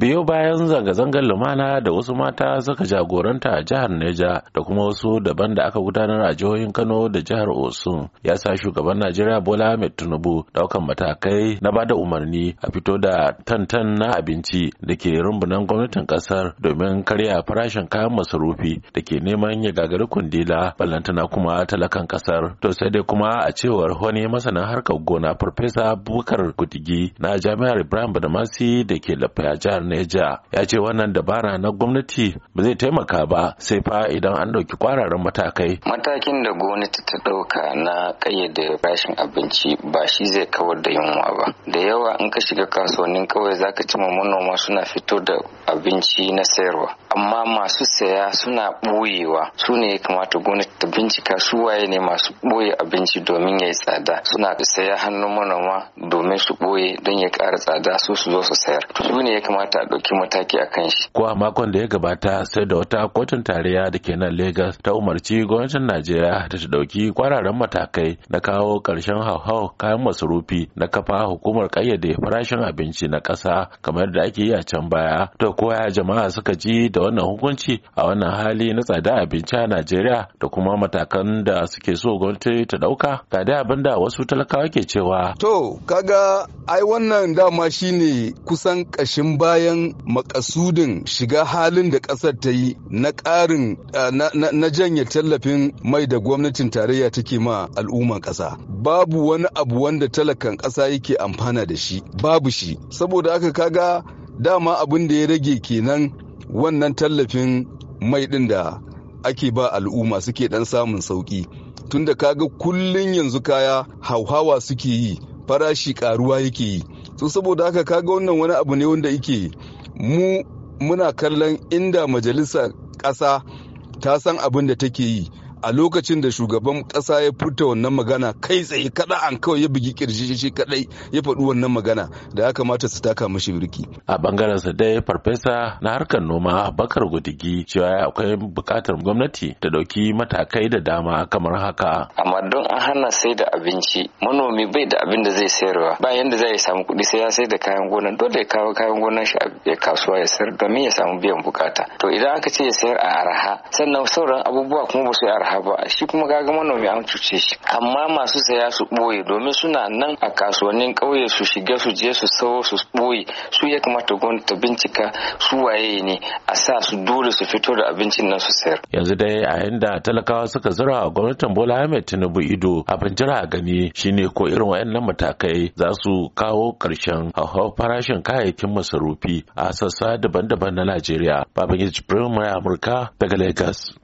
biyo bayan zanga-zangar lumana da wasu mata suka jagoranta a jihar neja da kuma wasu daban da aka gudanar a jihohin kano da jihar osun ya sa shugaban najeriya bola ahmed tinubu daukan matakai na bada umarni a fito da tantan na abinci da ke rumbunan gwamnatin kasar domin karya farashin kayan masarufi da ke neman ya gagari kundila ballantana kuma talakan kasar to sai dai kuma a cewar wani masanin harkar gona farfesa bukar gudigi na jami'ar ibrahim badamasi da ke lafiya jihar Neja ya ce wannan dabara na gwamnati ba zai taimaka ba sai fa idan an ɗauki kwararan matakai. Matakin da gwamnati ta ɗauka na ƙayyade rashin abinci ba shi zai kawar da yunwa ba. Da yawa in ka shiga kasuwannin kawai zaka cima manoma suna fito da abinci na sayarwa. amma masu saya suna ɓoyewa su ne ya kamata gwamnati ta bincika su waye ne masu ɓoye abinci domin ya yi tsada suna saya hannun manoma domin su ɓoye don ya ƙara tsada su su zo su sayar su ne ya kamata a ɗauki mataki a kan shi. ko a makon da ya gabata sai da wata kotun tarayya da ke nan lagos ta umarci gwamnatin najeriya ta ta ɗauki kwararren matakai na kawo ƙarshen hauhau kayan masarufi na kafa hukumar ƙayyade farashin abinci na ƙasa kamar da ake yi a can baya to koya jama'a suka ji da da wannan hukunci a wannan hali na tsada abinci a Najeriya da kuma matakan da suke so gwamnati ta dauka ga dai abin da wasu talakawa ke cewa to kaga ai wannan dama shine kusan kashin bayan makasudin shiga halin da kasar ta yi na karin eh, na janye tallafin mai da gwamnatin tarayya take ma al'umman kasa babu wani abu wanda talakan kasa yake amfana da shi babu shi saboda haka kaga dama abin da ya rage kenan wannan tallafin mai ɗin da ake ba al'umma suke ɗan samun sauƙi tunda kaga kullum yanzu kaya hauhawa suke yi farashi ƙaruwa yake yi to saboda haka kaga wannan wani abu ne wanda yake mu muna kallon inda majalisar ƙasa ta san abin da take yi a lokacin da shugaban kasa ya furta wannan magana kai tsaye kada an kawai ya bugi kirji shi kadai ya faɗi wannan magana da ya kamata su taka mashi birki a bangaren sa dai farfesa na harkar noma bakar gudigi cewa akwai bukatar gwamnati ta dauki matakai da dama kamar haka amma don an hana sai da abinci manomi bai da abin da zai sayarwa ba yanda zai samu kuɗi sai ya sai da kayan gona dole ya kawo kayan gonan shi a kasuwa ya sayar domin ya samu biyan bukata to idan aka ce ya sayar a araha sannan sauran abubuwa kuma ba su yi arha ba shi kuma kaga manomi an cuce shi amma masu saya su ɓoye domin suna nan a kasuwannin ƙauye su shiga su je su sawo su ɓoye su ya kamata gwamnati bincika su waye ne a sa su dole su fito da abincin nan su sayar yanzu dai a yanda talakawa suka zura a gwamnatin Bola Ahmed Tinubu ido abin jira gani shine ko irin wayannan matakai za su kawo ƙarshen hauhawar farashin kayayyakin masarufi a sassa daban-daban na Najeriya Babangiji Firimai Amurka daga Lagos